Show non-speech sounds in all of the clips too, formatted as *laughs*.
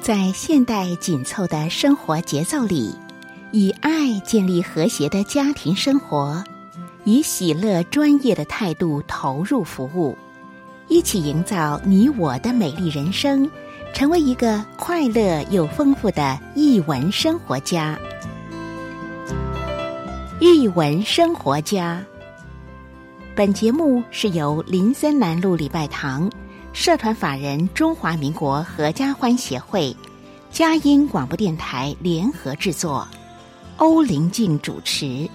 在現代緊湊的生活節奏裡，以愛建立和諧的家庭生活，以喜樂專業的態度投入服務，一起營造你我的美麗人生，成為一個快樂又豐富的藝文生活家。藝文生活家，本節目是由林森南路禮拜堂、社團法人中華民國合家歡協會、佳音廣播電台聯合製作，歐靈靜主持。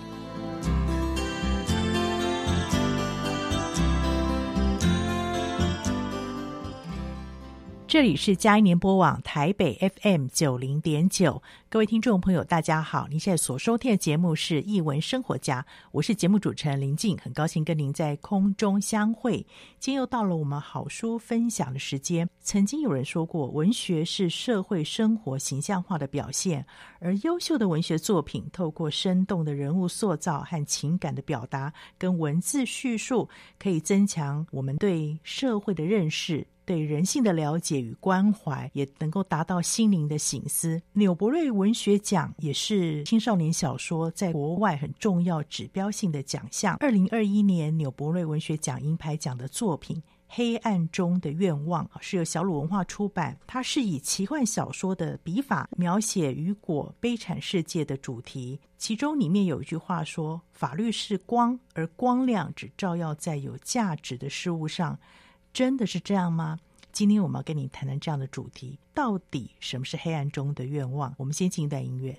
這裡是佳音聯播網台北 FM 九零點九，各位聽眾朋友，大家好！您現在所收聽的節目是《藝文生活家》，我是節目主持人林靜，很高興跟您在空中相會。今天又到了我們好書分享的時間。曾經有人說過，文學是社會生活形象化的表現，而優秀的文學作品透過生動的人物塑造和情感的表達，跟文字敘述，可以增強我們對社會的認識。對人性的了解與關懷，也能夠達到心靈的省思。紐伯瑞文學獎也是青少年小說在國外很重要指標性的獎項。二零二一年紐伯瑞文學獎銀牌獎的作品《黑暗中的願望》是由小魯文化出版，它是以奇幻小說的筆法描寫雨果悲慘世界的主題。其中裡面有一句話說：“法律是光，而光亮只照耀在有價值的事物上。”真的是這樣嗎？今天我們要跟你談談這樣的主題，到底什麼是黑暗中的願望？我們先進一段音樂。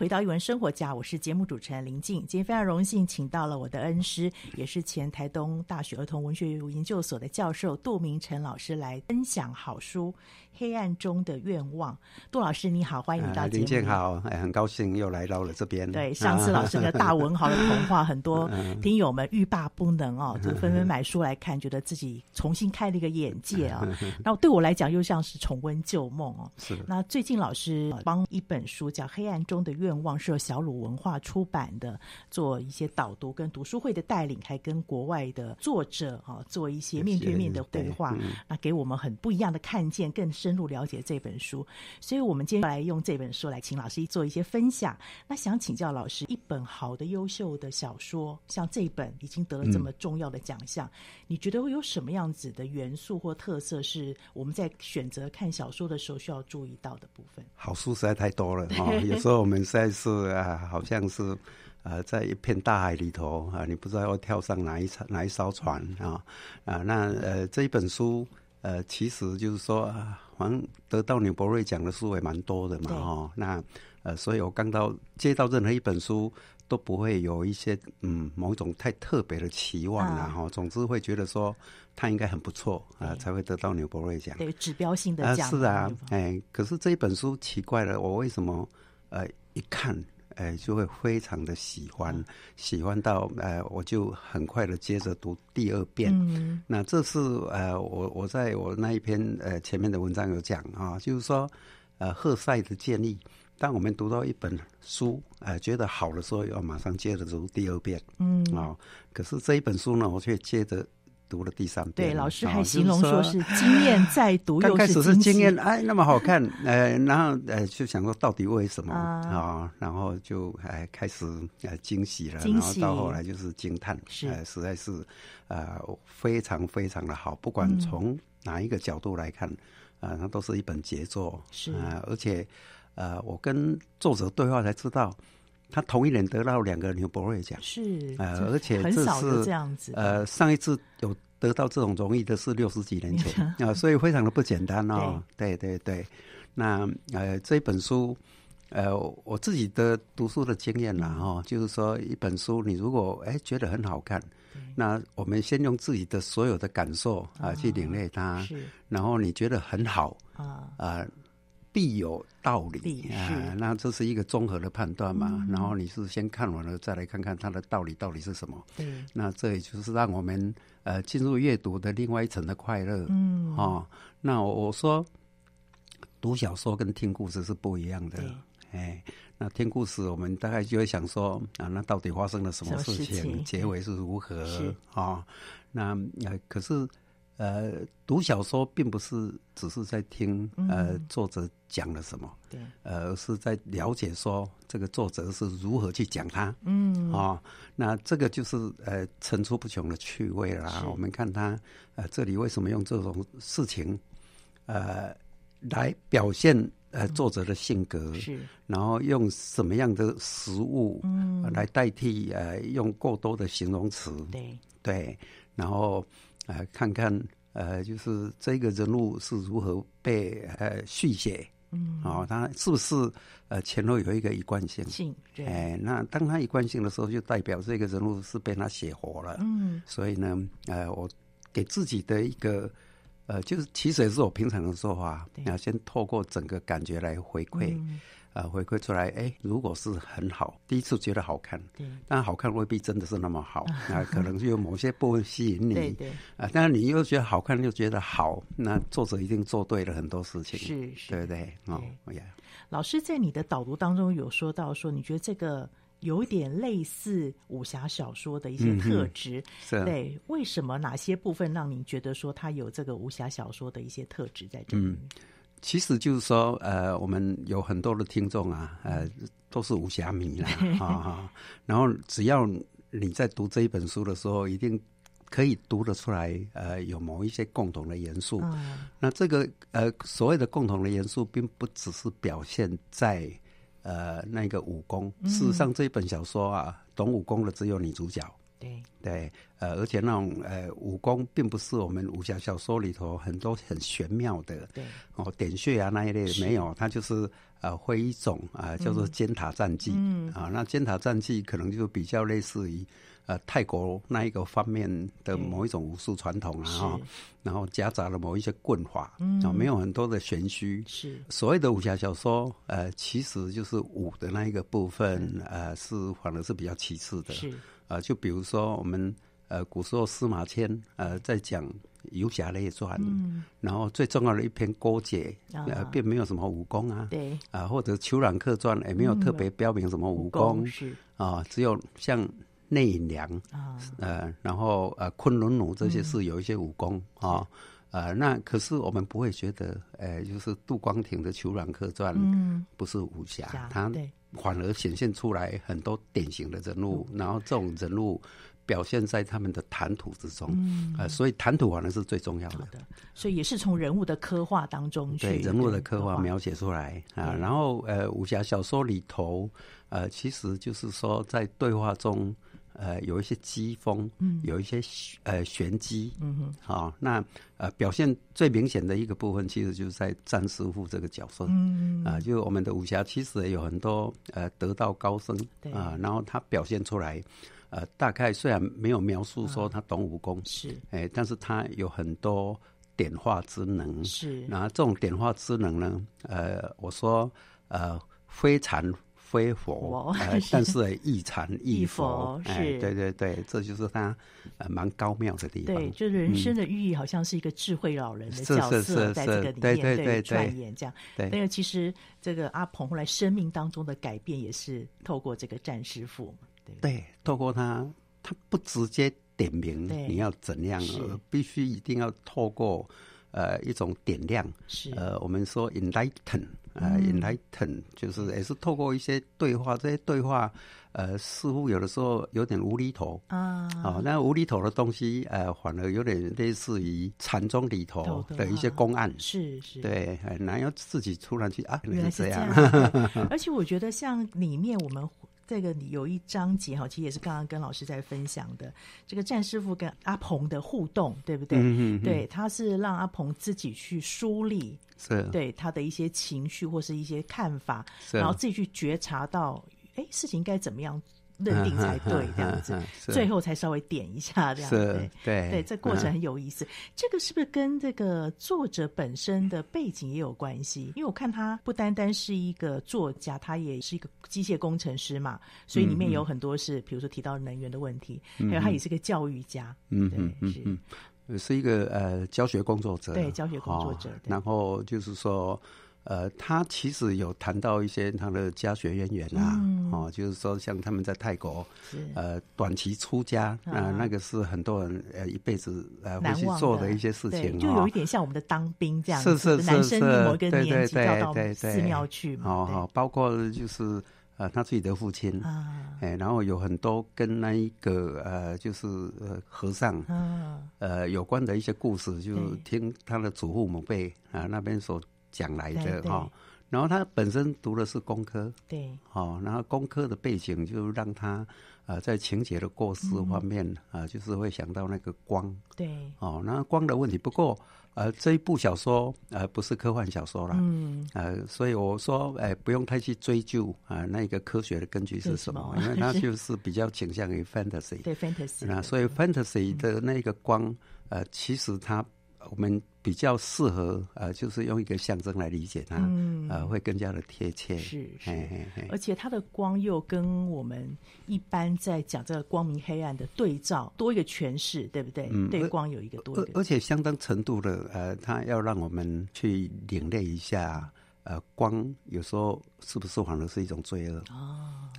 回到藝文生活家，我是節目主持人林靜。今天非常榮幸，請到了我的恩師，也是前台東大學兒童文學研究所的教授杜明城老師來分享好書《黑暗中的願望》。杜老師，你好，歡迎你到節目。呃、林靜，好，哎、欸，很高興又來到了這邊。對，上次老師的大文豪的童話， *laughs* 很多聽友們欲罷不能 *laughs* 哦，就紛紛買書來看，覺得自己重新開了一個眼界啊、哦。 *laughs* 那對我來講，又像是重溫舊夢哦。是的。那最近老師幫一本書叫《黑暗中的願》。跟《望舍小魯文化出版的，做一些導讀跟讀書會的帶領，還跟國外的作者啊做一些面對面的文化對話，那給我們很不一樣的看見、嗯，更深入了解這本書。所以我們接下來用這本書來請老師做一些分享。那想請教老師，一本好的優秀的小說，像這本已經得了這麼重要的獎項、嗯，你覺得會有什麼樣子的元素或特色是我們在選擇看小說的時候需要注意到的部分？好書實在太多了，哦、有時候我們在。但是啊，好像是啊、呃，在一片大海裡頭啊，你不知道要跳上哪一哪一艘船啊啊。那呃，這一本書呃，其實就是說，好、啊、像得到紐伯瑞獎的書也蠻多的嘛哈、哦。那呃，所以我剛到接到任何一本書，都不會有一些嗯某種太特別的期望然後、啊，總之會覺得說他應該很不錯啊、呃，才會得到紐伯瑞獎。對，指標性的獎、啊、是啊，哎、欸，可是這一本書奇怪了，我為什麼？呃，一看，哎、呃，就會非常的喜歡，喜歡到呃，我就很快的接着讀第二遍。嗯、那這是呃，我我在我那一篇呃前面的文章有講啊、哦，就是說呃赫塞的建議，當我們讀到一本書呃覺得好的時候，要馬上接着讀第二遍。嗯啊、哦，可是這一本書呢，我卻接着。讀了第三遍。對，老師還形容說是驚豔，再讀又，剛開始是驚豔，哎，那麼好看，呃，然後呃，就想說到底為什麼啊？然後就哎、呃、開始呃驚喜了驚喜，然後到後來就是驚嘆，是，呃、實在是呃非常非常的好，不管從哪一個角度來看，啊、嗯，那、呃、都是一本傑作，是，呃、而且呃，我跟作者對話才知道。他同一年得到兩個紐伯瑞獎，是、呃、而且是很少是這樣子。呃，上一次有得到這種榮譽的是六十幾年前啊、 *laughs* 呃，所以非常的不簡單哦。 *laughs* 對，對對對，那呃，這本書，呃，我自己的讀書的經驗啦。哈，就是說一本書你如果哎、欸、覺得很好看，那我們先用自己的所有的感受、呃、啊去領略它是，然後你覺得很好啊啊。呃必有道理啊！那這是一個綜合的判斷嘛、嗯？然後你是先看完了，再來看看它的道理到底是什麼？對，那這也就是讓我們呃進入閱讀的另外一層的快樂。嗯、哦、那我，我說讀小說跟聽故事是不一樣的。哎、欸，那聽故事我們大概就會想說啊，那到底發生了什麼事情？這個、事情，結尾是如何？哦、啊，那可是。呃，讀小說並不是只是在聽、嗯、呃作者講了什麼，對，呃，是在了解說這個作者是如何去講他，嗯，啊、哦，那這個就是呃層出不窮的趣味啦。我們看他呃這裡為什麼用這種事情呃來表現呃作者的性格、嗯，是，然後用什麼樣的食物嗯、呃、來代替呃用過多的形容詞，對對，對，然後。呃、看看，呃，就是這個人物是如何被呃續寫，嗯，他、哦、是不是呃前後有一個一貫性？哎、呃，那當他一貫性的時候，就代表這個人物是被他寫活了。嗯，所以呢，呃，我給自己的一個，呃，就是其實也是我平常的做法，先透過整個感覺來回饋。嗯嗯啊，回饋出來，哎、欸，如果是很好，第一次覺得好看，對，對，但好看未必真的是那麼好，啊， *laughs* 可能是有某些部分吸引你， *laughs* 對對，啊，但是你又覺得好看，又覺得好，那作者一定做對了很多事情， *laughs* 對對是是，對不對？哦，呀、oh, yeah，老師在你的導讀當中有說到說，你覺得這個有點類似武俠小說的一些特質、嗯，是，對，為什麼哪些部分讓你覺得說它有這個武俠小說的一些特質在這裡？嗯其實就是說，呃，我們有很多的聽眾啊，呃，都是武俠迷了啊、 *laughs* 哦。然後，只要你在讀這一本書的時候，一定可以讀得出來，呃，有某一些共同的元素。嗯、那這個呃，所謂的共同的元素，並不只是表現在呃那個武功。事實上，這一本小說啊，嗯、懂武功的只有女主角。對對，呃，而且那種呃武功，並不是我們武俠小,小說裡頭很多很玄妙的，對哦、呃，點穴啊那一類沒有，它就是呃會一種啊叫做尖塔戰技、嗯，啊，那尖塔戰技可能就比較類似於。呃，泰國那一個方面的某一種武術傳統、啊，然、嗯、後然後夾雜了某一些棍法，嗯，沒有很多的玄虛。是所謂的武俠小說，呃，其實就是武的那一個部分，嗯、呃，是反而是比較其次的。是啊、呃，就比如說我們呃，古時候司馬遷呃在講《遊俠列傳》，嗯，然後最重要的一篇郭解、啊，呃，並沒有什麼武功啊，對啊、呃，或者《虬髯客傳》也沒有特別標明什麼武功，嗯、武功是啊、呃，只有像。內涼、啊，呃，然後呃，崑崙奴這些是有一些武功啊、嗯哦，呃，那可是我們不會覺得，呃，就是杜光庭的《虬髯客傳》不是武俠、嗯，它反而顯現出來很多典型的人物、嗯，然後這種人物表現在他們的談吐之中，嗯、呃，所以談吐反而是最重要的，的，所以也是從人物的刻畫當中去對人物的刻畫描寫出來、嗯、啊，然後呃，武俠小說裡頭，呃，其實就是說在對話中。呃，有一些機鋒，嗯，有一些、嗯、呃玄機，嗯哼，好、哦，那呃表現最明顯的一個部分，其實就是在詹師傅這個角色，嗯嗯，啊、呃，就我們的武俠其實也有很多呃得道高僧，啊、呃，然後他表現出來，呃，大概雖然沒有描述說他懂武功，啊、是、呃，但是他有很多點化之能，是，然後這種點化之能呢，呃，我說呃非常。非佛，哦呃、是但是亦禪亦佛，佛、哎，是，對對對，這就是他蠻、呃、高妙的地方。對，就人生的寓意好像是一個智慧老人的角色，嗯、是是是是在這個裡面對扮演這樣。對，對，對，對，因為其實這個阿鵬後來生命當中的改變也是透過這個戰師傅，對，透過他，他不直接點名你要怎樣，對必須一定要透過呃一種點亮，是，呃，我們說 enlighten。啊，enlighten，就是也是透過一些對話，這些對話，呃，似乎有的時候有點無厘頭啊，哦、呃，那無厘頭的東西，呃，反而有點類似於禪宗裡頭的一些公案，啊、是是，對、呃，很難要自己突然去啊，原來是這樣，的是這樣， *laughs* 而且我覺得像裡面我們。這個有一章節哈，其實也是剛剛跟老師在分享的，這個戰師傅跟阿鵬的互動，對不對？嗯嗯。對，他是讓阿鵬自己去梳理，是、啊、對他的一些情緒或是一些看法，是啊、然後自己去覺察到，哎，事情應該怎麼樣？認定才對，嗯、這樣子、嗯，最後才稍微點一下，這樣對對對，這過程很有意思、嗯。這個是不是跟這個作者本身的背景也有關係？因為我看他不單單是一個作家，他也是一個機械工程師嘛，所以裡面有很多是，嗯嗯比如說提到能源的問題、嗯，還有他也是個教育家，嗯對嗯嗯，是一個呃教學工作者，對教學工作者、哦，然後就是說。呃，他其實有談到一些他的家學淵源啊，嗯、哦，就是說像他們在泰國，呃，短期出家啊、呃，那個是很多人呃一輩子呃會去做的一些事情，就有一點像我們的當兵這樣，哦、是是是是，是，是，男生年是是是，對對對對對，寺廟去嘛，對對對哦、包括就是呃他自己的父親、啊，哎，然後有很多跟那一個呃就是呃和尚、啊、呃有關的一些故事，就是、聽他的祖父母輩啊、呃、那邊說。講來的哦，然後他本身讀的是工科，對，哦，然後工科的背景就讓他呃在情節的構思方面啊、嗯呃，就是會想到那個光，對，哦，然後光的問題。不過呃，這一部小說呃不是科幻小說啦，嗯，呃，所以我說哎、呃、不用太去追究啊、呃，那個科學的根據是什麼？什麼，因為它就是比較傾向於 fantasy， *laughs* 對 fantasy，那、嗯、所以 fantasy 的那個光、嗯、呃，其實它。我們比較適合，呃，就是用一個象徵來理解它，嗯，呃，會更加的貼切。是是，嘿嘿嘿，而且它的光又跟我們一般在講這個光明黑暗的對照，多一個詮釋，對不對？嗯，對光有一個多一個，而且相當程度的，呃，它要讓我們去領略一下。呃、光有時候是不是反而是一種罪惡？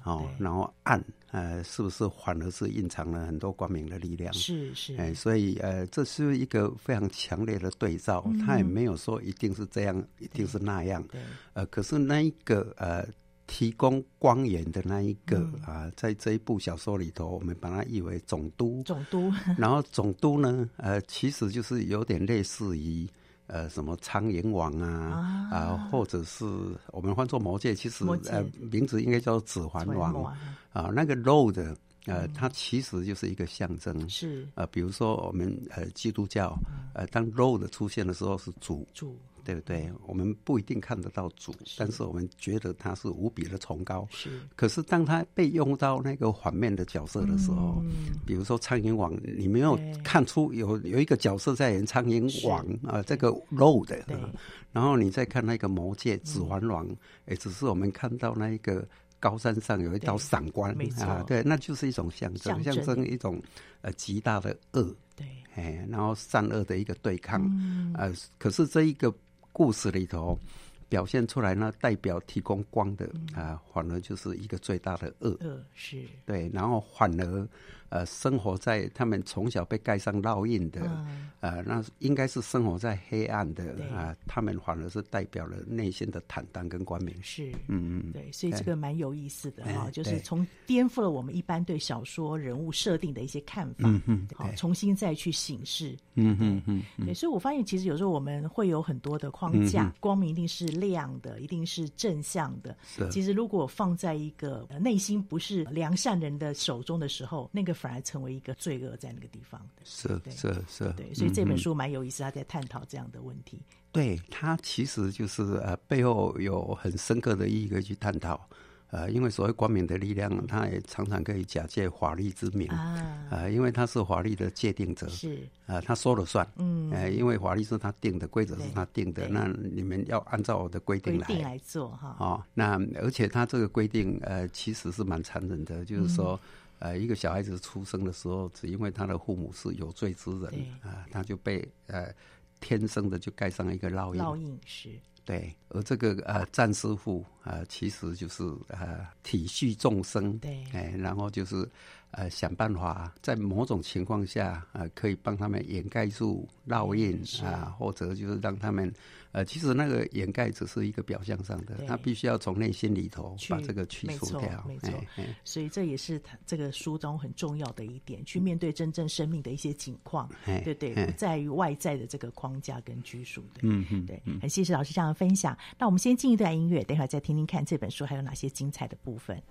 哦，然後暗呃，是不是反而，是蘊藏了很多光明的力量？是是，哎、呃，所以呃，這是一個非常強烈的對照。他、嗯、也沒有說一定是這樣，嗯、一定是那樣對。對，呃，可是那一個呃，提供光源的那一個啊、嗯呃，在這一部小說裡頭，我們把它譯為總督。總督。 *laughs* 然後總督呢，呃，其實就是有點類似於。呃，什麼蒼蠅王啊，啊，呃、或者是我們換做魔戒，其實呃，名字應該叫指環王啊、呃，那個 Lord、呃，呃、嗯，它其實就是一個象徵，是呃，比如說我們呃基督教，嗯、呃，當 Lord 出現的時候是主。主對不對、嗯？我們不一定看得到主，但是我們覺得他是無比的崇高。可是當他被用到那個反面的角色的時候，嗯、比如說《蒼蠅王》，你沒有看出有有一個角色在演《蒼蠅王》啊、呃？這個肉的、啊，然後你再看那個魔戒《指環王》，哎，只是我們看到那一個高山上有一道閃光啊，對，那就是一種象徵，象徵一種呃極大的惡。對，哎，然後善惡的一個對抗。嗯，呃，可是這一個。故事裡頭。表現出來呢，代表提供光的、嗯、啊，反而就是一個最大的惡。惡、嗯，是對，然後反而呃，生活在他們從小被蓋上烙印的啊、嗯呃，那應該是生活在黑暗的啊，他們反而是代表了內心的坦蕩跟光明。是，嗯，對，所以這個蠻有意思的哈，就是從顛覆了我們一般對小說人物設定的一些看法，嗯對對，重新再去省視。嗯嗯嗯。對，所以我發現其實有時候我們會有很多的框架，嗯、光明一定是。量的一定是正向的。是，其實如果放在一個內心不是良善人的手中的時候，那個反而成為一個罪惡，在那個地方的。是是是。對，所以這本書蠻有意思，嗯、他在探討這樣的問題。對他，其實就是呃，背後有很深刻的意義可以去探討。呃，因為所謂光明的力量，嗯，他也常常可以假借法律之名，啊，呃、因為他是法律的界定者。是。啊、呃，他說了算。嗯。呃，因為法律是他定的，規則是他定的，那你們要按照我的規定來。規定來做哈。哦，那而且他這個規定，呃，其實是蠻殘忍的，嗯，就是說，呃，一個小孩子出生的時候，只因為他的父母是有罪之人，啊、呃，他就被呃天生的就蓋上一個烙印。烙印是。對，而這個呃，戰師傅啊、呃，其實就是呃，體恤眾生，對，哎、欸，然後就是呃，想辦法在某種情況下呃，可以幫他們掩蓋住烙印、嗯、啊，或者就是讓他們。呃，其實那個掩蓋只是一個表象上的，他必須要從內心裡頭把這個去除掉。沒錯，所以這也是他這個書中很重要的一點，去面對真正生命的一些境況。對對，不在於外在的這個框架跟拘束的。嗯嗯，對。很謝謝老師這樣的分享。那我們先進一段音樂，等會兒再聽聽看這本書還有哪些精彩的部分。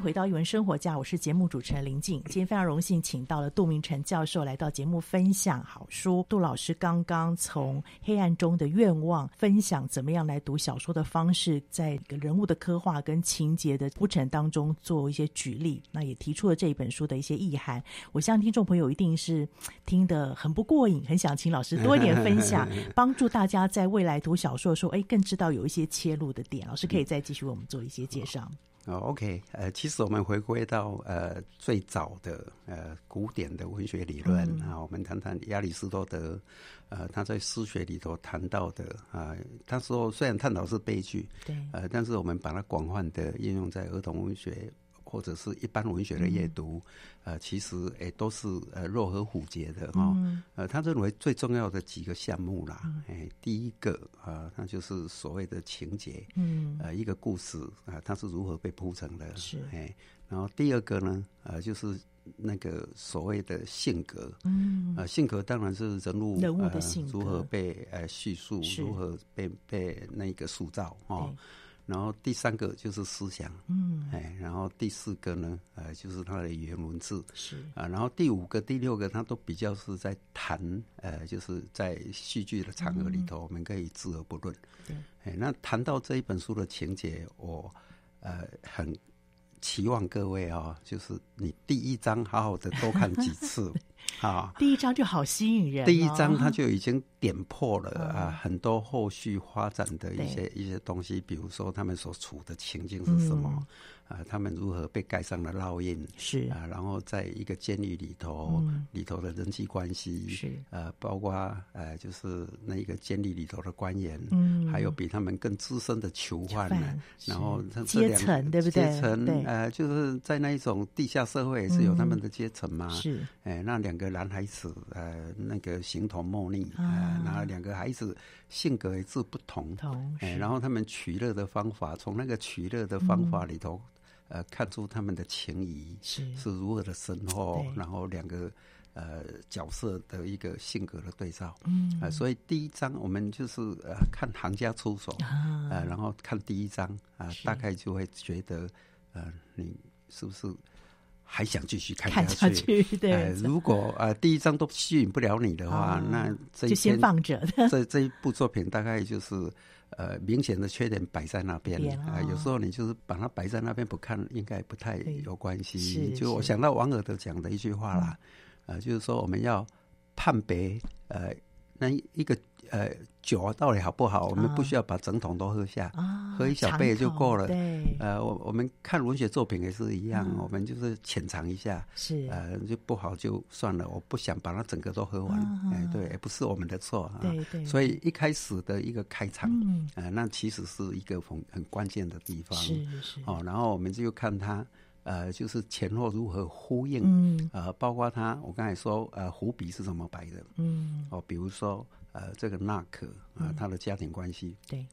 回到藝文生活家，我是節目主持人林靜。今天非常榮幸請到了杜明城教授來到節目分享好書。杜老師剛剛從《黑暗中的願望》分享怎麼樣來讀小說的方式，在人物的刻畫跟情節的鋪陳當中做一些舉例，那也提出了這本書的一些意涵。我相信聽眾朋友一定是聽得很不過癮，很想請老師多一點分享， *laughs* 幫助大家在未來讀小說的時候，哎，更知道有一些切入的點。老師可以再繼續為我們做一些介紹。哦、oh，OK，呃，其實我們回歸到呃最早的呃古典的文學理論，嗯嗯，啊，我們談談亞里士多德，呃，他在詩學裡頭談到的啊，呃，他說雖然探討是悲劇，對，呃，但是我們把它廣泛地應用在兒童文學。或者是一般文學的閱讀、嗯，呃，其實也都是呃若合符節的哈、嗯。呃，他認為最重要的幾個項目啦、嗯欸，第一個啊、呃，那就是所謂的情節，嗯，呃，一個故事啊、呃，它是如何被鋪成的，是、欸、然後第二個呢，呃、就是那個所謂的性格，嗯、呃，性格當然是人物人物的性格如何被呃敘述，如何被、呃、如何被，被那個塑造然後第三個就是思想，嗯，哎，然後第四個呢，呃，就是他的語言文字是啊、呃，然後第五個、第六個，他都比較是在談，呃，就是在戲劇的場合裡頭，我們可以置而不論。對，哎，那談到這一本書的情節，我呃很期望各位啊、哦，就是你第一章好好的多看幾次 *laughs* 啊，第一章就好吸引人、哦，第一章它就已經。點破了啊，oh. 很多後續發展的一些一些東西，比如說他們所處的情境是什麼，嗯、啊，他們如何被蓋上了烙印，是啊，然後在一個監獄裡頭、嗯，裡頭的人際關係，是呃，包括呃，就是那一個監獄裡頭的官員，嗯，還有比他們更資深的囚犯呢，然後階層，對不對？階層呃，就是在那一種地下社會也是有他們的階層嘛、嗯，是，哎、欸，那兩個男孩子呃，那個形同陌路啊。嗯、然後兩個孩子性格是不同，同是、哎，然後他們取樂的方法，從那個取樂的方法裡頭，嗯呃、看出他們的情誼是如何的深厚。然後兩個、呃、角色的一個性格的對照，嗯，啊、呃，所以第一章我們就是、呃、看行家出手，啊、嗯呃，然後看第一章啊、呃，大概就會覺得，呃、你是不是？還想繼續看下，去看下去？對，呃、如果啊、呃、第一章都吸引不了你的話，哦、那這一，就先放着。這這一部作品大概就是呃明顯的缺點擺在那邊啊、呃。有時候你就是把它擺在那邊不看，應該不太有關係。就我想到王爾德講的一句話啦、嗯，呃，就是說我們要判別呃那一個。呃，酒到底好不好、啊？我們不需要把整桶都喝下，啊、喝一小杯就夠了。對，呃，我我們看文學作品也是一樣，嗯、我們就是淺嘗一下。是，呃，就不好就算了，我不想把它整個都喝完。哎、啊欸，對，也不是我們的錯、啊。對，對，對，所以一開始的一個開場，嗯，呃、那其實是一個很很關鍵的地方。是，是哦，然後我們就看他，呃，就是前後如何呼應。嗯。呃，包括他，我剛才說，呃，伏筆是怎麼擺的？嗯。哦，比如說。呃，這個那可啊、呃，他的家庭關係、嗯、對、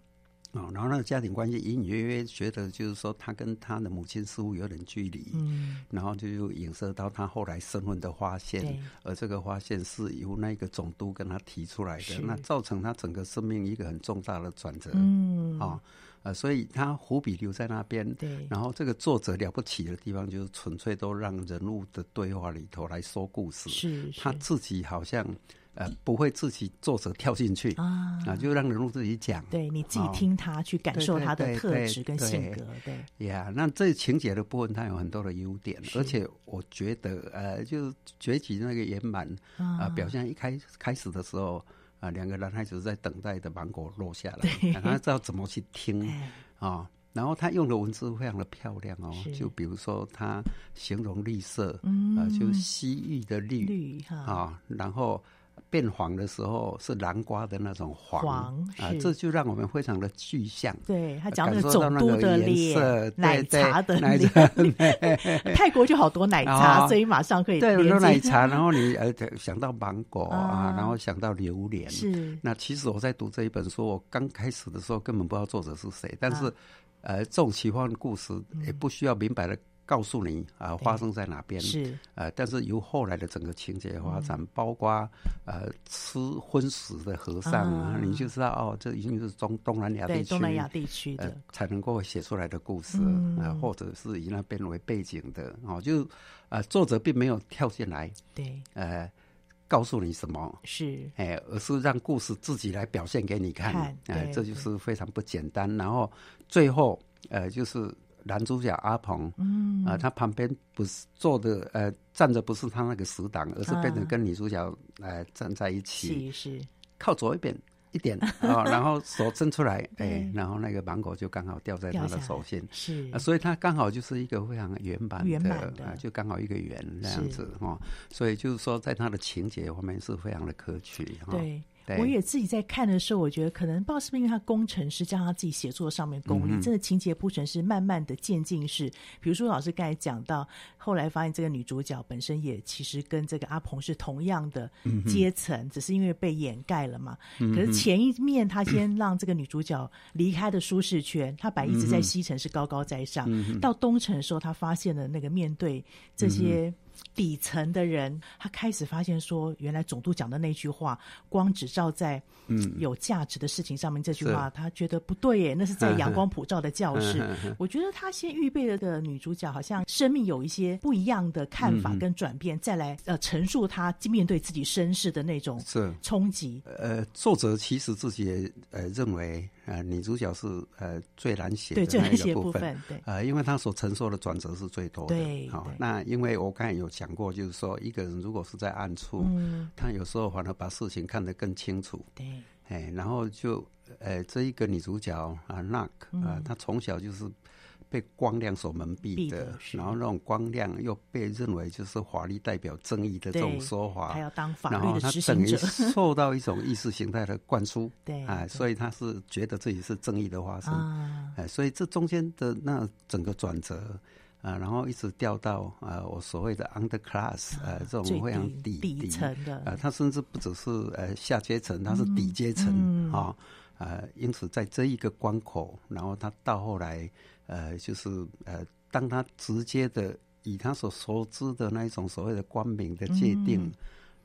哦，然後那個家庭關係隱隱約約覺得，就是說他跟他的母親似乎有點距離，嗯、然後就又影射到他後來身份的發現、嗯，而這個發現是由那個總督跟他提出來的，那造成他整個生命一個很重大的轉折，嗯啊、哦呃，所以他伏筆留在那邊，對、嗯，然後這個作者了不起的地方就是純粹都讓人物的對話裡頭來說故事，是他自己好像。呃，不會自己作者跳進去啊，啊、呃，就讓人物自己講。對，你自己聽他、哦、去感受他的特質跟性格。對，對，對，對，呀、yeah, 那這情節的部分，它有很多的優點，而且我覺得，呃，就崛起那個也滿啊，啊，表現一開開始的時候啊，兩個男孩子在等待的芒果落下來，讓、啊、他知道怎麼去聽啊、哦，然後他用的文字非常的漂亮哦，就比如說他形容綠色，啊、嗯呃，就是、西域的綠，綠啊，啊，然後。變黃的時候是南瓜的那種黃啊、呃，這就讓我們非常的具象。對，他講的總督的顏色，奶茶的對、對、對，奶茶的，泰國就好多奶茶，所以馬上可以對，有奶茶，然後你呃想到芒果啊、啊、然後想到榴蓮。是，那其實我在讀這一本書，我剛開始的時候根本不知道作者是誰，但是、啊、呃，這種奇幻的故事也不需要明白的。嗯告訴你啊、呃，發生在哪邊？是、呃、但是由後來的整個情節發展，嗯、包括呃吃葷食的和尚啊，嗯、你就知道哦，這已經是中東南亞地區，東南亞地區的、呃、才能夠寫出來的故事啊、嗯呃，或者是以那邊為背景的哦，就啊、呃，作者並沒有跳進來，對，呃，告訴你什麼是哎、欸，而是讓故事自己來表現給你看，哎、呃呃，這就是非常不簡單。然後最後呃，就是。男主角阿鵬，嗯，啊、呃，他旁邊不是坐的，呃，站着不是他那個死黨，而是變成跟女主角，啊、呃，站在一起，是是靠左一邊 *laughs* 一點啊、哦，然後手伸出來，哎、 *laughs* 欸，然後那個芒果就剛好掉在他的手心，是、呃，所以他剛好就是一個非常原版的，的呃、就剛好一個圓這樣子哈、哦，所以就是說，在他的情節方面是非常的可取、哦，對。我也自己在看的時候，我覺得可能不知道是不是因為他工程師加上他自己寫作上面功力、嗯，真的情節鋪陳是慢慢的漸進式。比如說老師剛才講到，後來發現這個女主角本身也其實跟這個阿鵬是同樣的階層，嗯、只是因為被掩蓋了嘛、嗯。可是前一面他先讓這個女主角離開的舒適圈，嗯、他本來一直在西城是高高在上、嗯，到東城的時候，他發現了那個面對這些、嗯。底層的人，他開始發現說，原來總督講的那句話，光只照在嗯有價值的事情上面。這句話、嗯、他覺得不對耶，那是在陽光普照的教室。嗯嗯嗯嗯嗯、我覺得他先預備了的女主角，好像生命有一些不一樣的看法跟轉變、嗯，再來呃陳述他面對自己身世的那種衝擊。呃，作者其實自己也呃認為。呃，女主角是呃最難寫的那個部分，對，最難寫的部分，呃，因為她所承受的轉折是最多的。對，好，哦，那因為我剛才有講過，就是說一個人如果是在暗處，嗯，她有時候反而把事情看得更清楚。對，欸，然後就呃，這一個女主角啊，娜克啊，她從小就是。被光亮所蒙蔽的，的，然後那種光亮又被認為就是法律代表正義的這種說法，法，對，他要當法律的執行者，然後他等於受到一種意識形態的灌輸，對，對呃、所以他是覺得自己是正義的化身，哎、嗯呃，所以這中間的那整個轉折啊、呃，然後一直掉到啊、呃，我所謂的 underclass，呃，這種非常底底層的，啊、呃，他甚至不只是呃下階層，他是底階層啊、嗯哦，呃，因此在這一個關口，然後他到後來。呃，就是呃，當他直接的以他所熟知的那一種所謂的光明的界定，嗯、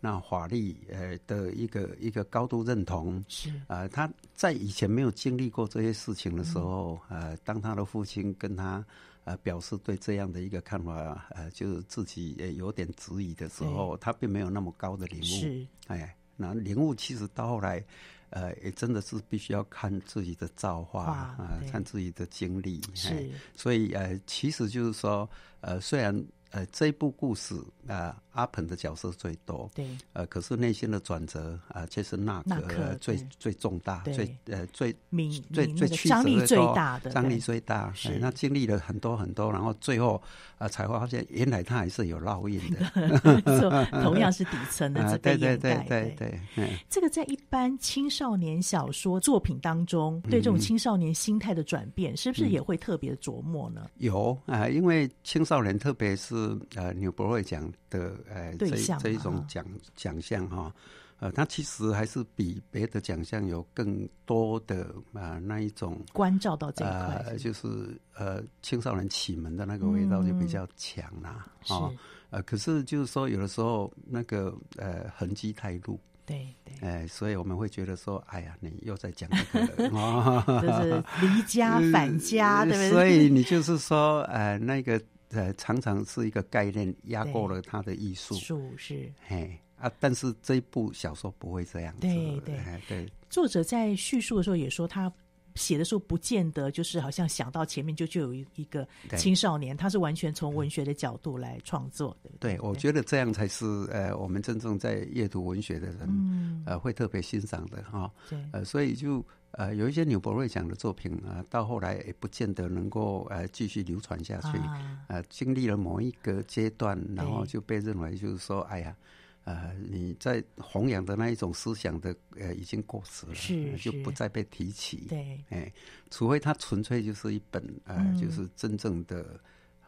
那法律呃的一個一個高度認同是啊、呃，他在以前沒有經歷過這些事情的時候，嗯、呃，當他的父親跟他呃表示對這樣的一個看法，呃，就是自己也有點質疑的時候，他並沒有那麼高的領悟是哎，那領悟其實到後來。呃，也真的是必須要看自己的造化啊，看自己的經歷、是，哎。所以呃，其實就是說，呃，雖然呃這一部故事啊。呃阿鵬的角色最多，對，呃，可是內心的轉折啊，卻是那個最克克最，最重大、最呃最明、最最曲折、最大的張力最大，的張力最大對對，那經歷了很多很多，然後最後啊、呃，才會發現原來他還是有烙印的， *laughs* 同樣是底層的，這被掩蓋、 *laughs* 啊、對對對對對，對，對，這個在一般青少年小說作品當中，嗯、對這種青少年心態的轉變，嗯、是不是也會特別的琢磨呢？嗯、有啊、呃，因為青少年，特別是呃，紐伯瑞會講。的、呃、哎，這一這一種獎獎項哈，呃，它其實還是比別的獎項有更多的啊、呃、那一種關照到這塊、呃，就是呃青少年啟蒙的那個味道就比較強啦。哈、嗯呃，呃，可是就是說有的時候那個呃痕跡太露，對對，哎、呃，所以我們會覺得說，哎呀，你又在講這個， *laughs* *laughs* 就是離家返家，對不對？所以你就是說，呃，那個。呃，常常是一個概念壓過了他的藝術。術是嘿啊，但是這一部小說不會這樣子。對對、哎、對，作者在敘述的時候也說，他寫的時候不見得就是好像想到前面就就有一個青少年，他是完全從文學的角度來創作的。對，我覺得這樣才是呃，我們真正在閱讀文學的人、嗯、呃會特別欣賞的哈。對，呃，所以就。呃，有一些紐伯瑞獎的作品，呃，到後來也不見得能夠呃繼續流傳下去，啊呃。經歷了某一個階段，然後就被認為就是說，哎呀，呃，你在弘揚的那一種思想的呃已經過時了，是是，呃，就不再被提起。對，哎，除非它純粹就是一本呃，嗯，就是真正的。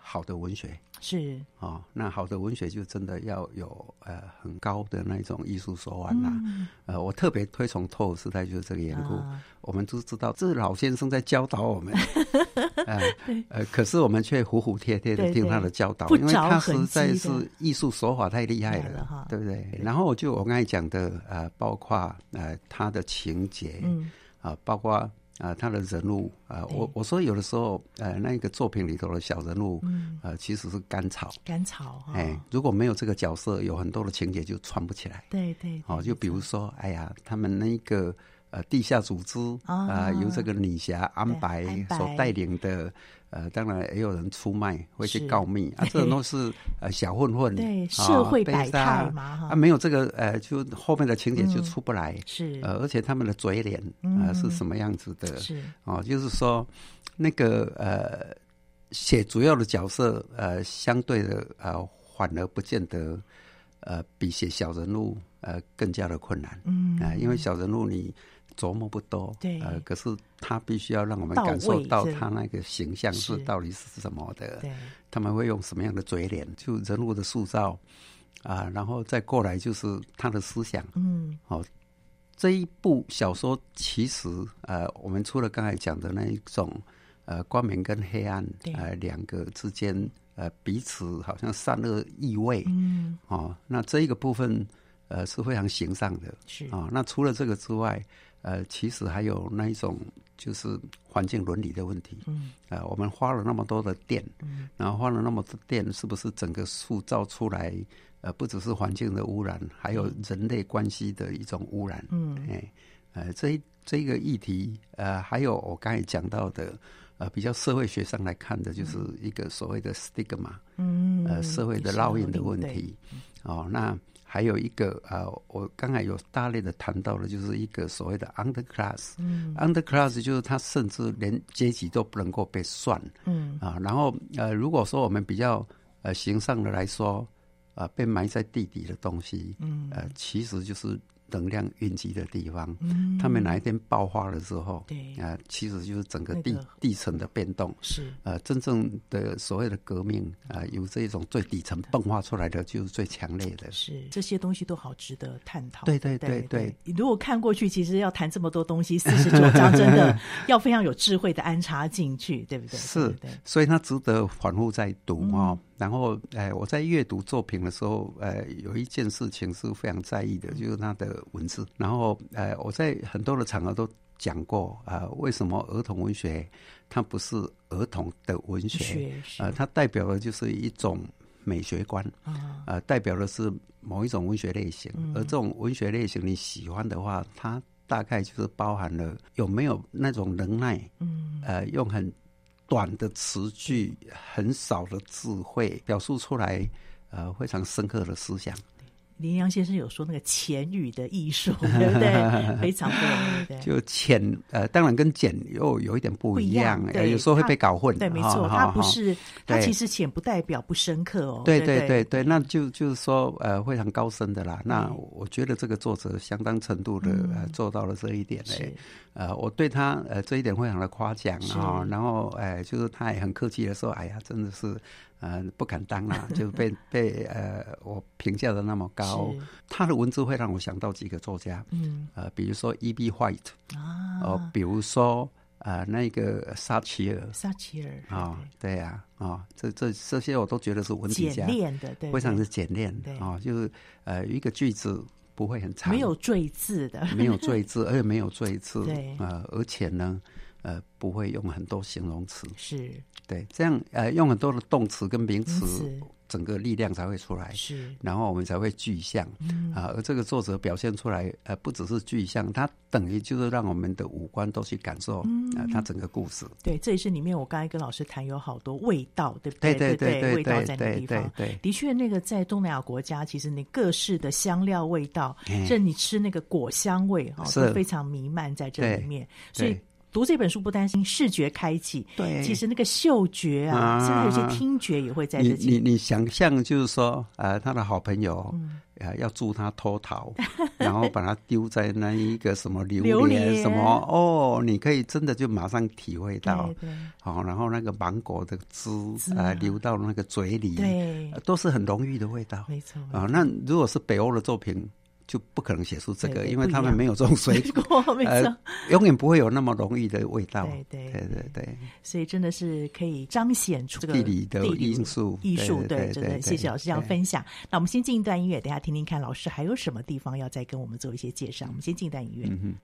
好的文學是哦。那好的文學就真的要有呃很高的那種藝術手腕吶、嗯。呃，我特別推崇托爾斯泰，就是這個緣故、啊。我們都知道，這是老先生在教導我們，嗯、 *laughs* 呃呃，可是我們卻服服帖帖的聽他的教導，對對對，因為他實在是藝術手法太厲害了，對不對，對，對？然後就我剛才講的呃，包括呃他的情節，啊、嗯呃，包括。啊、呃，他的人物啊、呃，我我說有的時候，呃，那個作品裡頭的小人物，呃，其實是甘草。甘草、哦，哎、欸，如果沒有這個角色，有很多的情節就串不起來。對對，對，對，哦、呃，就比如說，哎呀，他們那個呃地下組織啊、呃，由這個女俠安白所帶領的。呃，當然也有人出賣，會去告密啊，這種都是呃小混混。對，哦、社會百態嘛啊、呃，沒有這個呃，就後面的情節就出不來。嗯、是、呃，而且他們的嘴臉啊、嗯呃、是什麼樣子的？是，哦，就是說那個呃寫主要的角色呃，相對的呃，反而不見得呃比寫小人物呃更加的困難。嗯啊、呃，因為小人物你。琢磨不多對，呃，可是他必須要讓我們感受到他那個形象是到底是什麼的。對，對他們會用什麼樣的嘴臉，就人物的塑造啊、呃，然後再過來就是他的思想。嗯，這一部小說其實呃，我們除了剛才講的那一種呃，光明跟黑暗呃兩個之間呃彼此好像善惡意味。嗯，哦，那這一個部分呃是非常形象的。是啊，那除了這個之外。呃，其實還有那一種，就是環境倫理的問題。嗯，呃，我們花了那麼多的電，嗯，然後花了那麼多的電，是不是整個塑造出來？呃，不只是環境的污染，還有人類關係的一種污染。嗯，哎、欸，呃，這一這一個議題，呃，還有我剛才講到的，呃，比較社會學上來看的，就是一個所謂的 stigma，嗯，呃，社會的烙印的問題。嗯嗯、哦，那。還有一個啊、呃，我剛才有大力的談到了，就是一個所謂的 underclass，underclass、嗯、underclass 就是他甚至連階級都不能夠被算，嗯啊，然後呃，如果說我們比較呃形象的來說，呃，被埋在地底的東西，嗯，呃，其實就是。能量蘊積的地方、嗯，他們哪一天爆發的時候，啊、呃，其實就是整個地、那個、地層的變動。是，呃，真正的所謂的革命啊，有、呃、這一種最底層迸發出來的，就是最強烈的。是這些東西都好值得探討。對對對對，對對對，如果看過去，其實要談這麼多東西，四十九章真的要非常有智慧的安插進去， *laughs* 對不對，對？是，所以它值得反覆再讀、嗯哦然後，哎、呃，我在閱讀作品的時候，呃，有一件事情是非常在意的，就是他的文字。然後，呃我在很多的場合都講過啊、呃，為什麼兒童文學它不是兒童的文學？啊、呃，它代表的就是一種美學觀，啊、呃，代表的是某一種文學類型。而這種文學類型你喜歡的話，它大概就是包含了有沒有那種能耐，嗯，呃，用很短的詞句，很少的智慧，表述出來，呃，非常深刻的思想。林陽先生有說那個淺語的藝術， *laughs* 對不對？非常不容易的。就淺，呃，當然跟簡又有一點不一樣，不一樣，呃呃，有時候會被搞混。對、哦，沒錯，他不是，哦、他其實淺不代表不深刻哦。對對對對，對，對，那就就是說，呃，非常高深的啦。那我覺得這個作者相當程度的、嗯呃、做到了這一點嘞、欸。呃，我對他呃這一點非常的誇獎啊、哦，然後哎、呃，就是他也很客氣的說，哎呀，真的是，呃，不敢當啊，就被 *laughs* 被呃我評價的那麼高。他的文字會讓我想到幾個作家，嗯，呃，比如說 E.B. White、呃啊、哦，比如說呃那個沙切爾，沙切爾啊，對呀，啊，這這這些我都覺得是文字家，簡練的對，對，非常的簡練的、哦、啊，就是呃一個句子。不會很長，沒有贅字的， *laughs* 沒有贅字，而且沒有贅字，對，而且呢，呃，不會用很多形容詞，是對，這樣呃，用很多的動詞跟名詞。整個力量才會出來，是，然後我們才會具象、嗯，啊，而這個作者表現出來，呃，不只是具象，它等於就是讓我們的五官都去感受，啊、嗯嗯呃，他整個故事。對，這也是裡面我剛才跟老師談有好多味道，對不對？對，味道在那個地方。對，的確，那個在東南亞國家，其實你各式的香料味道、嗯，這你吃那個果香味哈，都、哦、非常彌漫在這裡面，所以。讀這本書不擔心視覺開啟，對，其實那個嗅覺啊，啊現在有些聽覺也會在這裡。你你你想象就是說，呃，他的好朋友、嗯呃、要助他脫逃， *laughs* 然後把他丟在那一個什麼榴蓮什麼蓮哦，你可以真的就馬上體會到，好、哦，然後那個芒果的汁啊、呃、流到那個嘴裡，對，呃、都是很濃郁的味道，沒錯啊。那如果是北歐的作品。就不可能寫出這個，因為他們沒有種水果，水果沒錯、呃，永遠不會有那麼容易的味道。對對對對，對所以真的是可以彰顯出這個地理的因素。藝術，藝術對，對，對，對，對，真的對對對，謝謝老師這樣分享。那我們先進一段音樂，等下聽聽看老師還有什麼地方要再跟我們做一些介紹。嗯、我們先進一段音樂。嗯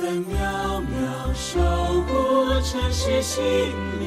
分秒秒守護塵世心。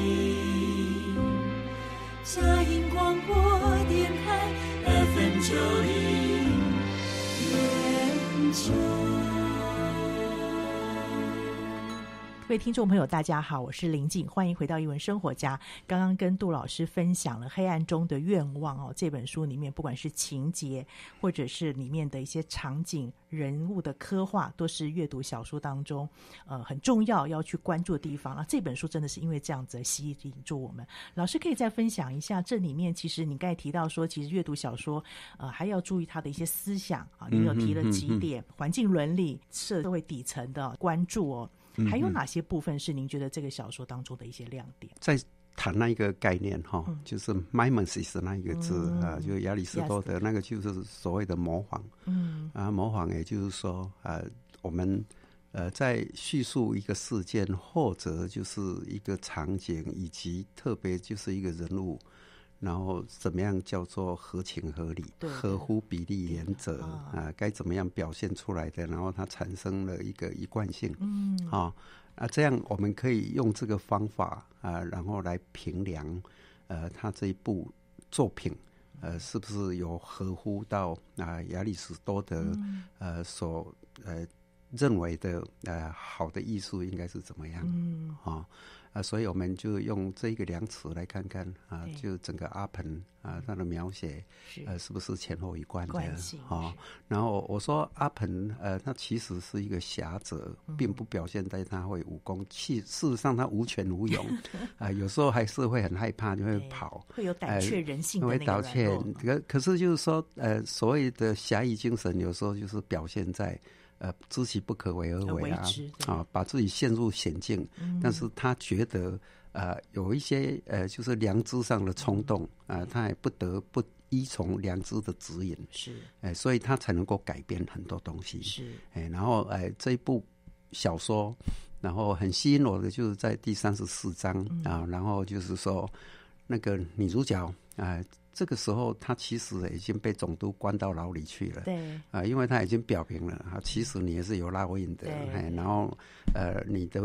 各位聽眾朋友，大家好，我是林靜，歡迎回到《藝文生活家》。剛剛跟杜老師分享了《黑暗中的願望》哦，這本書裡面不管是情節，或者是裡面的一些場景、人物的刻畫，都是閱讀小說當中呃很重要要去關注的地方。那這本書真的是因為這樣子吸引住我們。老師可以再分享一下，這裡面其實你剛才提到說，其實閱讀小說呃還要注意他的一些思想啊。你有提了幾點：環境倫理、社會底層的、啊、關注哦。還有哪些部分是您覺得這個小說當中的一些亮點？嗯、在談那一個概念哈，就是 mimesis 那一個字、嗯、啊，就亞里士多德、嗯、那個就是所謂的模仿，嗯啊，模仿也就是說啊，我們呃在敘述一個事件或者就是一個場景，以及特別就是一個人物。然後怎麼樣叫做合情合理、合乎比例原則啊？該怎麼樣表現出來的？然後它產生了一個一貫性，嗯啊啊，這樣我們可以用這個方法啊，然後來評量，呃，他這一部作品，呃，是不是有合乎到啊、呃、亞里士多德、嗯、呃所呃認為的呃好的藝術應該是怎麼樣？嗯啊。啊、呃，所以我們就用這一個量詞來看看啊，就整個阿鵬啊，他的描寫，呃，是不是前後一貫的啊、哦？然後我說阿鵬呃，他其實是一個俠者、嗯，並不表現在他會武功，事實上他無拳無勇啊、 *laughs* 呃，有時候還是會很害怕，就會跑，呃、會有膽怯，人性的會膽怯，可可是就是說呃，所謂的俠義精神，有時候就是表現在，呃，知其不可為而為啊，啊，把自己陷入險境。嗯，但是他覺得，呃，有一些呃，就是良知上的衝動啊、嗯呃，他也不得不依從良知的指引。是，哎、呃，所以他才能夠改變很多東西。是，哎、欸，然後哎、呃，這一部小說，然後很吸引我的，就是在第三十四章、嗯、啊，然後就是說那個女主角啊。呃這個時候，他其實已經被總督關到牢裡去了。對啊、呃，因為他已經表明了，他其實你也是有烙印的。然後呃，你的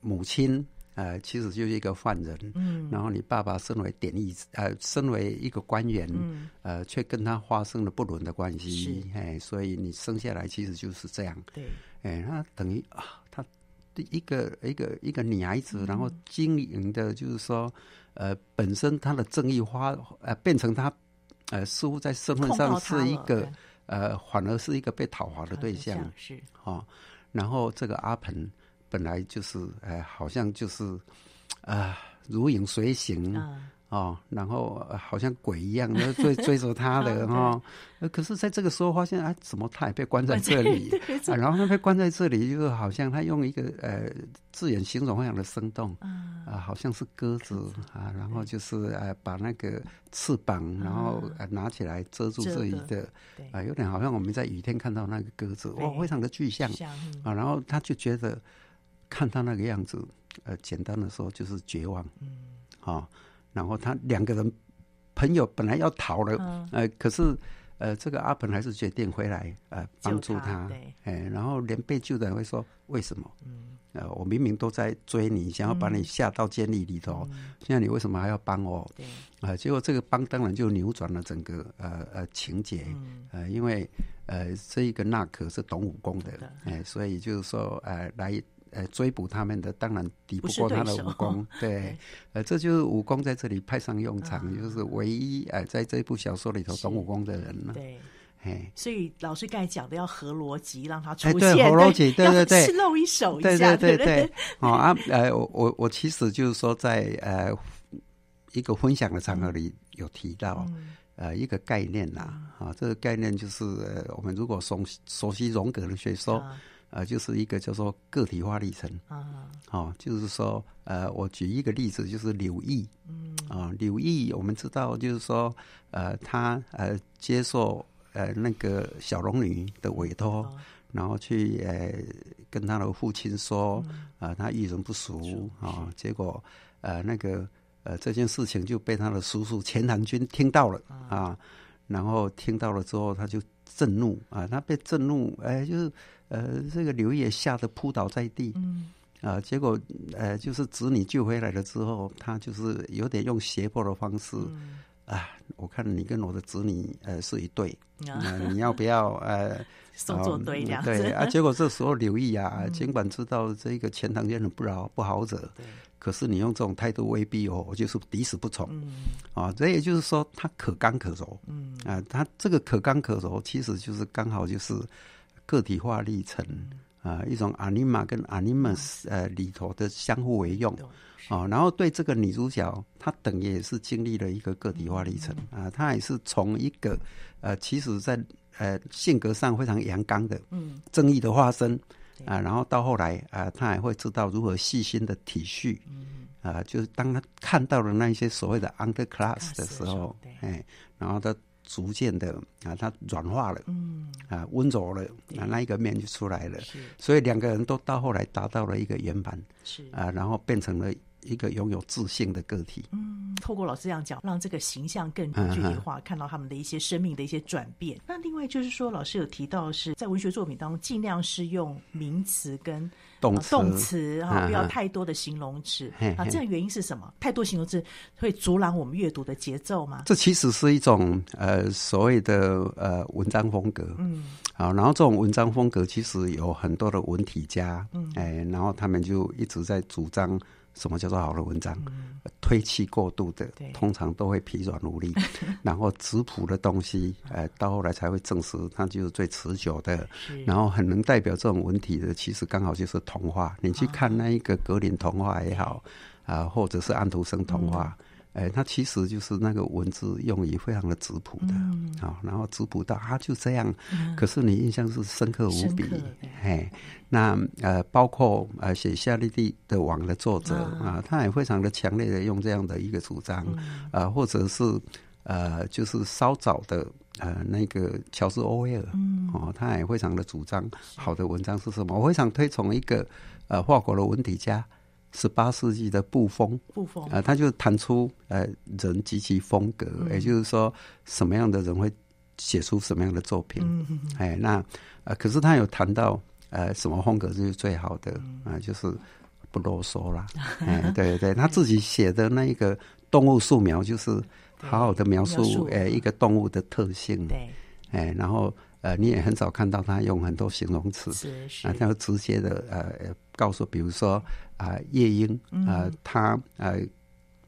母親呃，其實就是一個犯人。嗯。然後你爸爸身為典獄呃，身為一個官員、嗯，呃，卻跟他發生了不倫的關係。哎，所以你生下來其實就是這樣。對。哎，那等於啊，他一個一個一個女孩子，嗯、然後經營的就是說。呃，本身他的正義化，呃，變成他，呃，似乎在身份上是一個，呃，反而是一個被討伐的對象，是、哦，然後這個阿鵬本來就是，哎、呃，好像就是，啊、呃，如影隨形。嗯哦，然後、呃、好像鬼一樣的追追着他的、 *laughs* okay、哦，可是在這個時候發現，哎、啊，怎麼他也被關在這裡？ *laughs* 啊、然後他被關在這裡，就是好像他用一個呃字眼形容非常的生動、嗯、啊，好像是鴿子，鴿子啊，然後就是呃把那個翅膀，然後、啊、拿起來遮住這一個，啊、這個呃，有點好像我們在雨天看到那個鴿子，哦，非常的具象啊。然後他就覺得看他那個樣子，呃，簡單的說就是絕望，好、嗯。哦然後他兩個人朋友本來要逃了，嗯、呃，可是呃，這個阿本還是決定回來，呃，幫助他。對，哎，然後連被救的人會說：“為什麼、嗯？呃，我明明都在追你，想要把你下到監獄裡頭、嗯，現在你為什麼還要幫我？啊、嗯呃，結果這個幫當然就扭轉了整個呃呃情節、嗯，呃，因為呃這一個納可是懂武功的，哎、呃，所以就是說，哎、呃、來。”呃，追捕他們的當然抵不過他的武功對對，對，呃，這就是武功在這裡派上用場，啊、就是唯一、呃、在這部小說裡頭懂武功的人了、啊，對，嘿、欸。所以老師剛才講的要合邏輯，讓他出現，欸、對，合邏輯，對對對，露一手一下，對對對對。好、 *laughs* 哦、啊，呃，我我其實就是說在呃一個分享的場合裡有提到、嗯、呃一個概念吶、啊，哈、啊，這個概念就是、呃、我們如果熟熟悉榮格的學說。啊呃，就是一個叫做個體化歷程啊，好、uh -huh. 哦，就是說，呃，我舉一個例子，就是柳毅，嗯、uh、啊 -huh. 呃，柳毅我們知道，就是說，呃，他呃接受呃那個小龍女的委託，uh -huh. 然後去呃跟他的父親說，啊、uh -huh. 呃，他遇人不淑啊、uh -huh. 呃，結果呃那個呃這件事情就被他的叔叔錢塘君聽到了啊，呃 uh -huh. 然後聽到了之後，他就震怒啊、呃，他被震怒，哎、呃，就。是。呃，這個柳毅嚇得撲倒在地，嗯，啊、呃，結果呃，就是子女救回來了之後，他就是有點用脅迫的方式，啊、嗯呃，我看你跟我的子女呃是一對，啊、嗯呃，你要不要呃，送 *laughs* 作堆、呃、對這對啊，結果這時候柳毅啊盡、嗯、管知道這個錢塘君不饒不好惹、嗯，可是你用這種態度威逼哦，我就是抵死不從，啊、嗯，這、呃、也就是說他可剛可柔，嗯，啊、呃，他這個可剛可柔，其實就是剛好就是。個體化歷程啊、嗯呃，一種 anima 跟 animus 呃裡頭的相互為用、嗯呃、然後對這個女主角，她等於也是經歷了一個個體化歷程啊，她、嗯嗯呃、也是從一個呃，其實在呃性格上非常陽剛的嗯正義的化身啊、嗯呃，然後到後來啊，她、呃、也會知道如何細心的體恤，啊、嗯呃，就是當她看到了那些所謂的 underclass 的時候，嗯哎、然後她。逐漸的啊，他軟化了，嗯啊，溫柔了啊，那一個面就出來了。所以兩個人都到後來達到了一個圓滿，是啊，然後變成了一個擁有自信的個體。嗯，透過老師這樣講，讓這個形象更具體化，嗯、看到他們的一些生命的一些轉變。嗯、那另外就是說，老師有提到是在文學作品當中盡量是用名詞跟。動詞、呃、動詞哈，啊，不要太多的形容詞，啊啊啊，這個原因是什麼？太多形容詞會阻攔我們閱讀的節奏嗎？這其實是一種呃所謂的呃文章風格，嗯，好，啊，然後這種文章風格其實有很多的文體家，哎、嗯欸，然後他們就一直在主張。什麼叫做好的文章？推氣過度的、嗯，通常都會疲軟無力。然後質樸的東西、 *laughs* 呃，到後來才會證實它就是最持久的。嗯、然後很能代表這種文體的，其實剛好就是童話。你去看那一個格林童話也好啊，啊，或者是安徒生童話。嗯嗯哎、欸，他其實就是那個文字用語非常的質樸的、嗯哦，啊，然後質樸到他就這樣、嗯，可是你印象是深刻無比，嘿，那呃，包括呃寫《夏綠蒂的網》的作者啊、呃，他也非常的強烈的用這樣的一個主張，啊、嗯呃，或者是呃，就是稍早的呃那個喬治·歐威爾，哦，他也非常的主張、嗯、好的文章是什麼？我非常推崇一個呃法國的文體家。十八世紀的布封，布封啊、呃，他就談出呃人及其風格，也就是說什麼樣的人會寫出什麼樣的作品。哎、嗯欸，那呃，可是他有談到呃什麼風格是最好的啊、呃，就是不囉嗦啦。哎、嗯，欸、對，對對，他自己寫的那一個動物素描，就是好好的描述哎、 *laughs* 欸、一個動物的特性。對，哎、欸，然後呃，你也很少看到他用很多形容詞，啊、呃，他直接的呃。告訴，比如說啊、呃，夜鶯啊、呃嗯，它啊、呃，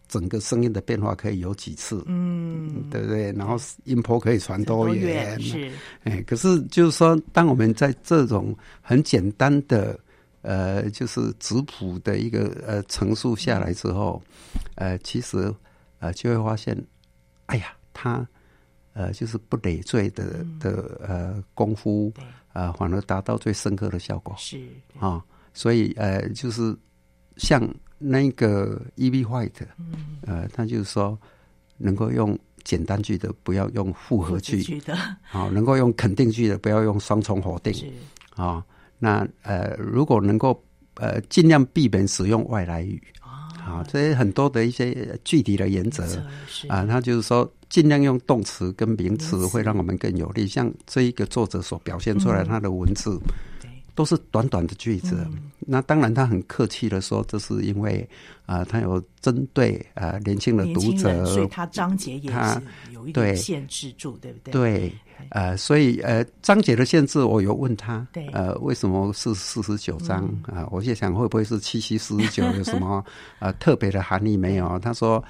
整個聲音的變化可以有幾次，嗯，對不對？然後音波可以傳多遠？是，哎，可是就是說，當我們在這種很簡單的呃，就是質樸的一個呃陳述下來之後，嗯、呃，其實呃，就會發現，哎呀，它呃，就是不累贅的的、嗯、呃功夫，啊、呃，反而達到最深刻的效果，是啊。所以，呃，就是像那個 E.B. White，呃，他就是說，能夠用簡單句的不要用複合句啊、呃，能夠用肯定句的不要用雙重否定，啊，那呃，如果能夠呃，盡量避免使用外來語，啊，這些很多的一些具體的原則啊，他就是說，盡量用動詞跟名詞會讓我們更有力。像這一個作者所表現出來他的文字、嗯。嗯都是短短的句子。嗯、那當然，他很客氣的說，這是因為啊、呃，他有針對啊、呃、年輕的讀者，所以他章節也是有一點限制住，對不對？對，呃，所以呃，章節的限制，我有問他對，呃，為什麼是四十九章啊、嗯呃？我就想，會不會是七七四十九有什麼 *laughs* 呃特別的含義沒有？他說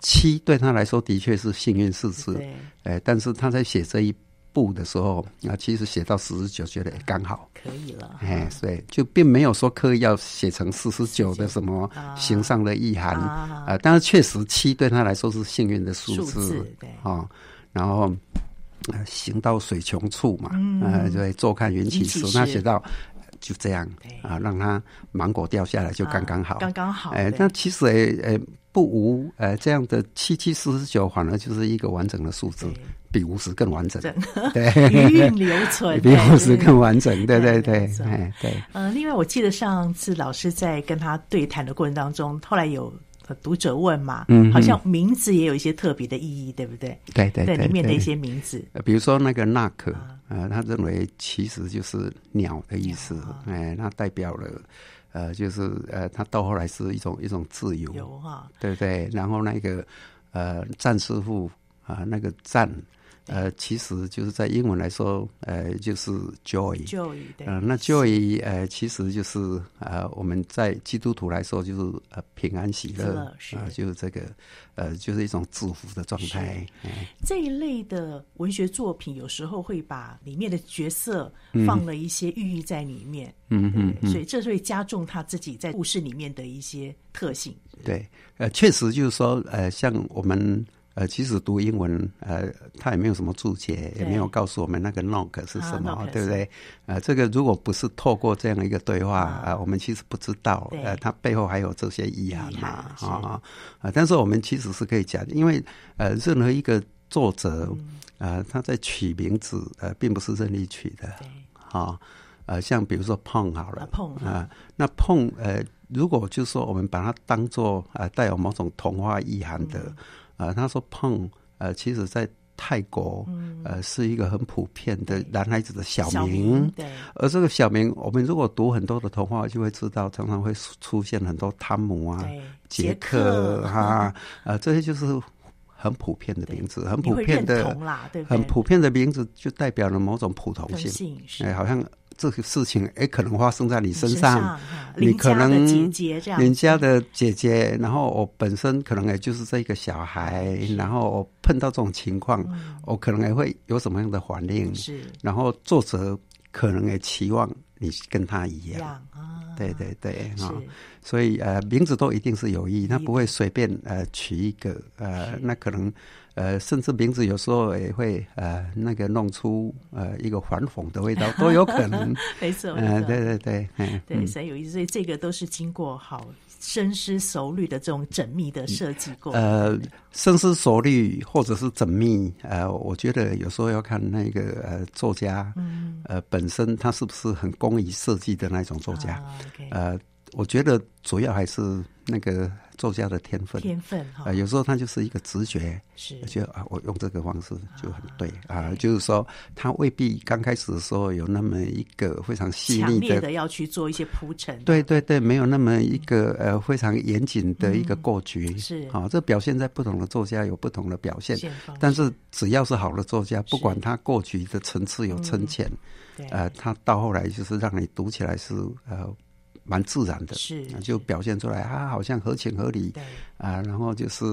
七對他來說的確是幸運數字，哎、呃，但是他在寫這一部的時候那、呃、其實寫到四十九，覺得也剛好。 *laughs* 可以了，哎，所以就並沒有說刻意要寫成四十九的什麼形上的意涵49，啊、呃，但是確實七對他來說是幸運的數字，字，對，嗯、然後、呃、行到水窮處嘛，呃、做嗯，對，坐看雲起時，他寫到就這樣啊，讓他芒果掉下來就剛剛好，剛、啊、剛剛好，哎、欸，那其實、欸欸不無、呃，這樣的七七四十九反而就是一個完整的數字，比五十更完整。對，餘韻留存， *laughs* 比五十更完整。對對對，對。對對對，嗯，另外，呃、我記得上次老師在跟他對談的過程當中、嗯，後來有讀者問嘛，嗯，好像名字也有一些特別的意義，對不對？對對對，對，對，裡面的一些名字，呃、比如說那個納可、啊，呃，他認為其實就是鳥的意思，哎、啊，那、啊呃、代表了。呃，就是呃，他到後來是一種一種自由，有啊，對不對？然後那個呃，戰師傅啊，那個戰。呃，其實就是在英文來說，呃，就是 joy，joy，joy，對，呃，那 joy 呃，其實就是呃，我們在基督徒來說就是呃，平安喜樂，是，呃，就是這個呃，就是一種祝福的狀態，嗯。這一類的文學作品有時候會把裡面的角色放了一些寓意在裡面，嗯嗯，嗯，所以這是會加重他自己在故事裡面的一些特性。對，呃，確實就是說，呃，像我們。呃，其實讀英文，呃，他也沒有什麼註解，也沒有告訴我們那個 Nok 是什麼、啊，對不對？啊，這個如果不是透過這樣一個對話啊、呃，我們其實不知道，呃，它背後還有這些意涵嘛，啊，啊、哦呃，但是我們其實是可以講，因為呃，任何一個作者，啊、嗯呃，他在取名字，呃，並不是任意取的，好、嗯，呃，像比如說“碰”好了，碰啊，啊呃、那“碰”呃，如果就是說我們把它當做啊、呃，帶有某種童話意涵的。嗯啊、呃，他說碰，呃，其實，在泰國、嗯，呃，是一個很普遍的男孩子的小名，小名。對。而這個小名，我們如果讀很多的童話，就會知道，常常會出現很多湯姆啊、傑克哈、啊嗯，啊，這些就是很普遍的名字，很普遍的對對，很普遍的名字就代表了某種普通性，性，哎，好像。這個事情也可能發生在你身上，你可能人家的姐姐這樣，人家的姐姐，然後我本身可能也就是這一個小孩，然後我碰到這種情況，嗯，我可能也會有什麼樣的反應，是，然後作者可能也期望你跟他一樣。對對對啊、哦，所以呃，名字都一定是有意義，他不會隨便呃取一個呃，那可能呃，甚至名字有時候也會呃，那個弄出呃一個反諷的味道 *laughs* 都有可能。 *laughs* 沒錯，嗯、呃，對對對，嗯，對，所以有意思，所以這個都是經過好。深思熟慮的這種縝密的設計過、嗯。呃，深思熟慮或者是縝密，呃，我覺得有時候要看那個呃作家、嗯，呃，本身他是不是很工於設計的那種作家、啊 okay。呃，我覺得主要還是那個。作家的天分，天分、哦、呃、有時候他就是一個直覺，是就啊，我用這個方式就很對啊，啊，對。就是說，他未必剛開始的時候有那麼一個非常細膩的、的要去做一些鋪陳，對對對，沒有那麼一個、嗯、呃，非常嚴謹的一個過局。嗯嗯、是啊，這表現在不同的作家有不同的表現，現，但是只要是好的作家，不管他過局的層次有深淺、嗯，呃，他到後來就是讓你讀起來是呃。蠻自然的，是，啊，就表現出來，啊，好像合情合理，對啊，然後就是。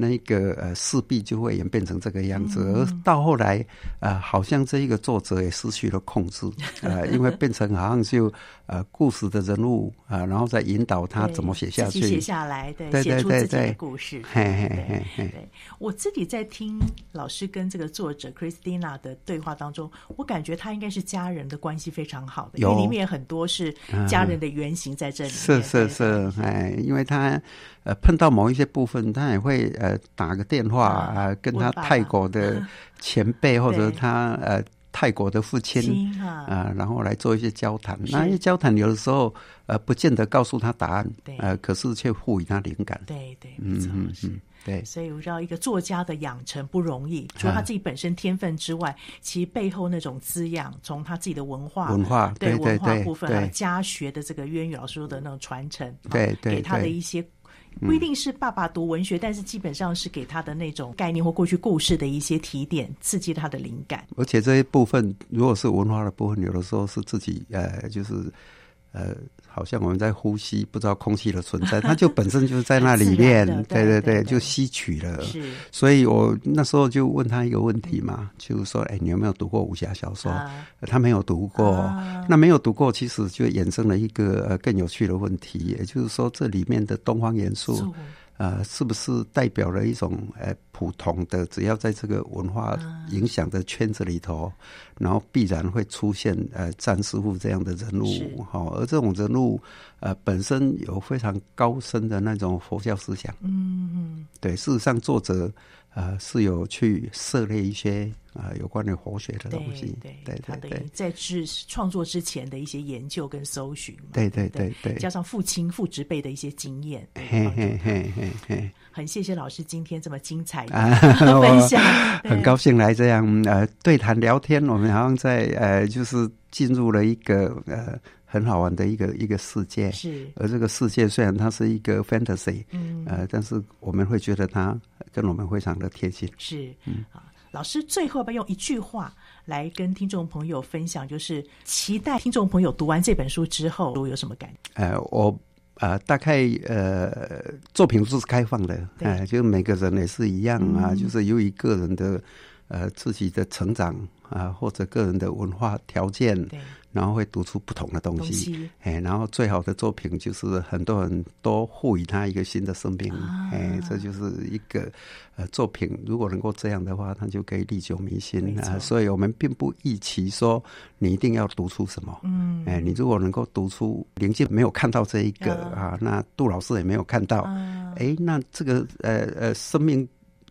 那一個呃，勢必就會演變成這個樣子，嗯嗯而到後來啊、呃，好像這一個作者也失去了控制啊、 *laughs* 呃，因為變成好像就呃故事的人物啊、呃，然後再引導他怎麼寫下去，寫下來，對，寫出自己的故事。嘿嘿嘿嘿，我自己在聽老師跟這個作者 Christina 的對話當中，我感覺他應該是家人的關係非常好的有，因為裡面很多是家人的原型在這裡、啊。是是是，哎，因為他、呃、碰到某一些部分，他也會、呃打個電話啊、呃，跟他泰國的前輩、啊、或者他、啊、呃泰國的父親啊、呃，然後來做一些交談。那些交談有的時候呃，不見得告訴他答案，對呃，可是卻賦予他靈感。對對，對，嗯嗯，嗯，對。所以我知道一個作家的養成不容易，除了他自己本身天分之外，啊、其實背後那種滋養，從他自己的文化文化對文化部分啊，家學的這個淵源、老師的那種傳承，對，給他的一些。不一定是爸爸讀文學，嗯，但是基本上是給他的那種概念或過去故事的一些提點，刺激他的靈感。而且這一部分，如果是文化的部分，有的時候是自己，呃，就是，呃。好像我們在呼吸，不知道空氣的存在，它 *laughs* 就本身就是在那裡面，對對對，對對對，就吸取了。所以，我那時候就問他一個問題嘛，是就是說，哎、欸，你有沒有讀過武俠小說、啊呃？他沒有讀過。啊、那沒有讀過，其實就衍生了一個呃更有趣的問題，也就是說，這裡面的東方元素。呃，是不是代表了一種呃普通的？只要在這個文化影響的圈子裡頭，嗯、然後必然會出現呃詹師傅這樣的人物，好、哦，而這種人物呃本身有非常高深的那種佛教思想。嗯嗯，對，事實上作者呃是有去涉獵一些。啊、呃，有關於活血的東西，對對對對，對對，他在是創作之前的一些研究跟搜尋，對對對對，對，對，對對對，加上父親父執輩的一些經驗，嘿嘿嘿嘿嘿。Hey, hey, hey, hey, hey. 很謝謝老師今天這麼精彩的、啊、分享，很高興來這樣對呃對談聊天。我們好像在呃就是進入了一個呃很好玩的一個一個世界，是。而這個世界雖然它是一個 fantasy，嗯呃，但是我們會覺得它跟我們非常的貼心，是嗯。老師最後要用一句話來跟聽眾朋友分享，就是期待聽眾朋友讀完這本書之後，都有什麼感覺？呃我呃大概呃，作品是開放的，哎、呃，就每個人也是一樣啊，嗯、就是由於個人的呃自己的成長。啊、呃，或者個人的文化條件，然後會讀出不同的東西，東西哎、然後最好的作品就是很多人都賦予他一個新的生命，啊、哎，這就是一個呃作品，如果能夠這樣的話，它就可以歷久彌新啊、呃。所以我們並不預期說你一定要讀出什麼，嗯，哎、你如果能夠讀出林近沒有看到這一個啊，啊，那杜老師也沒有看到，啊哎、那這個呃呃生命。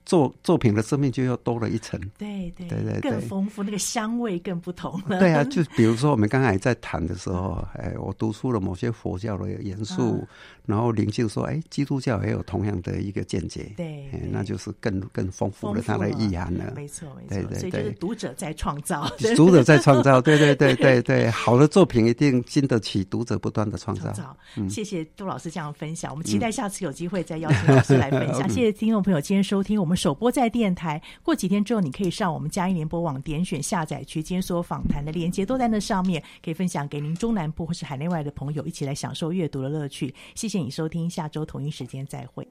作作品的生命就又多了一層，對對對，對更豐富，那個香味更不同了。對啊，就比如說我們剛才在談的時候， *laughs* 哎，我讀出了某些佛教的元素、啊，然後靈性說，哎，基督教也有同樣的一個見解，對、啊哎，那就是更更豐富了它的意涵了，了。沒錯，沒錯對對，所以就是讀者在創造，讀者在創造， *laughs* 對對對對對，好的作品一定經得起讀者不斷的創造，創造、嗯。謝謝杜老師這樣分享、嗯，我們期待下次有機會再邀請老師來分享。嗯、 *laughs* 謝謝聽眾朋友今天收聽，我們。首播在電台，過幾天之後，你可以上我們嘉義聯播網點選下載區，檢索訪談的連接都在那上面，可以分享給您中南部或是海內外的朋友，一起來享受閱讀的樂趣。謝謝你收聽，下週同一時間再會。